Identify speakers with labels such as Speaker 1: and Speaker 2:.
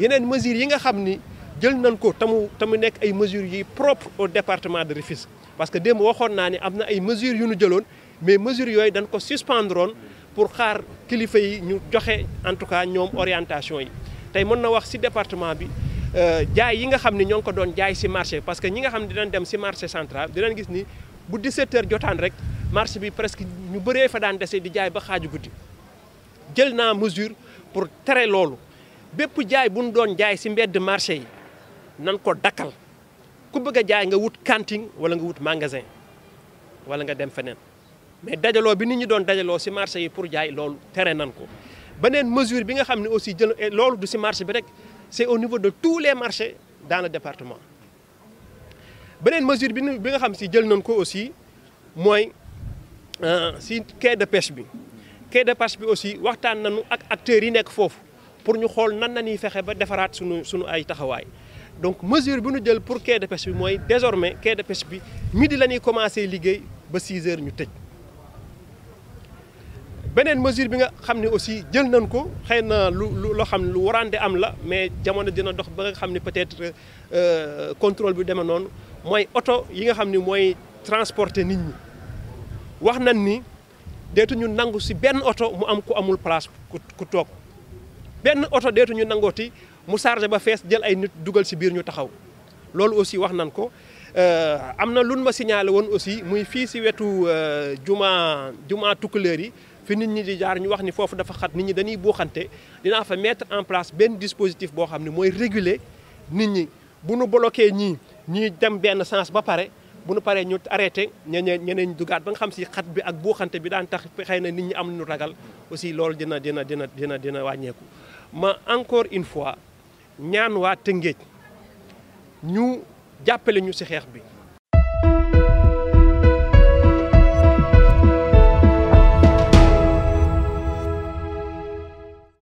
Speaker 1: yeneen mesures yi nga xam ni jël nañ ko tamu tamu nekk ay mesures yi propre au département de Rufisque parce que démb waxoon naa ni am na ay mesures yu ñu jëloon mais mesures yooyu dañ ko suspendroon pour xaar kilifa yi ñu joxe en tout cas ñoom orientation yi tey mën na wax ci département bi euh, jaay yi nga xam ne ñoo ko doon jaay ci marché parce que ñi nga xam ne dinañ dem ci marché central dinañ gis ni bu 17 heures jotaan rek marché bi presque ñu bëree fa daan dese di jaay ba xaaju guddi jël naa mesure pour tere loolu bepu jaay buñ doon jaay ci mbedd marché yi nan ko dakal ku bëgg jaay nga wut canting wala nga wut magasin wala nga dem fenen mais dajalo bi nit ñi doon dajalo si marché yi pour jaay loolu tere nan ko. benen mesure bi nga xamni aussi jël eh, du ci marché bi rek c'est au niveau de tous les marchés dans le département benen mesure bi bi nga xam si jël nan ko aussi euh si quai de pêche bi quai de pêche bi aussi waxtaan nañu ak acteurs yi nekk foofu pour ñu xool nan la fexé ba défarat suñu suñu ay taxaway donc mesure bi ñu jël pour quai de pêche bi moy désormais quai de pêche bi midi la ñuy commencé liggéey ba 6 h ñu tëj benen mesure bi nga xam aussi jël nañ ko xeyna lu lo loo xam lu warante am la mais jamono dina dox ba nga xam peut-être euh contrôle bi déma non moy auto yi nga xam moy transporter nit ñi wax nañ ni détu ñu nangu ci benn auto mu am ku amul place ku tok benn oto deetu ñu nangooti mu chargé ba fees jël ay nit dugal si biir ñu taxaw loolu aussi wax nan ko euh, am na lun ma signalé woon aussi muy fii si wetu euh, jumaa juma tukkuleer yi fi nit ñi di jaar ñu wax ni foofu dafa xat nit ñi dañuy buuxante dinaa fa mettre en place benn dispositif boo xam ne mooy réguler nit ñi bu nu bloqué ñii ñii dem benn sens ba pare bu nu paree ñu arrêté ñeneen ñeneen dugaat ba nga xam si xat bi ak buuxante bi daan tax xëy na nit ñi am nu ragal aussi loolu dina dina dina dina dina wàññeeku. ma encore une fois ñaan waa Tëngéej ñu jàppale ñu si xeex bi.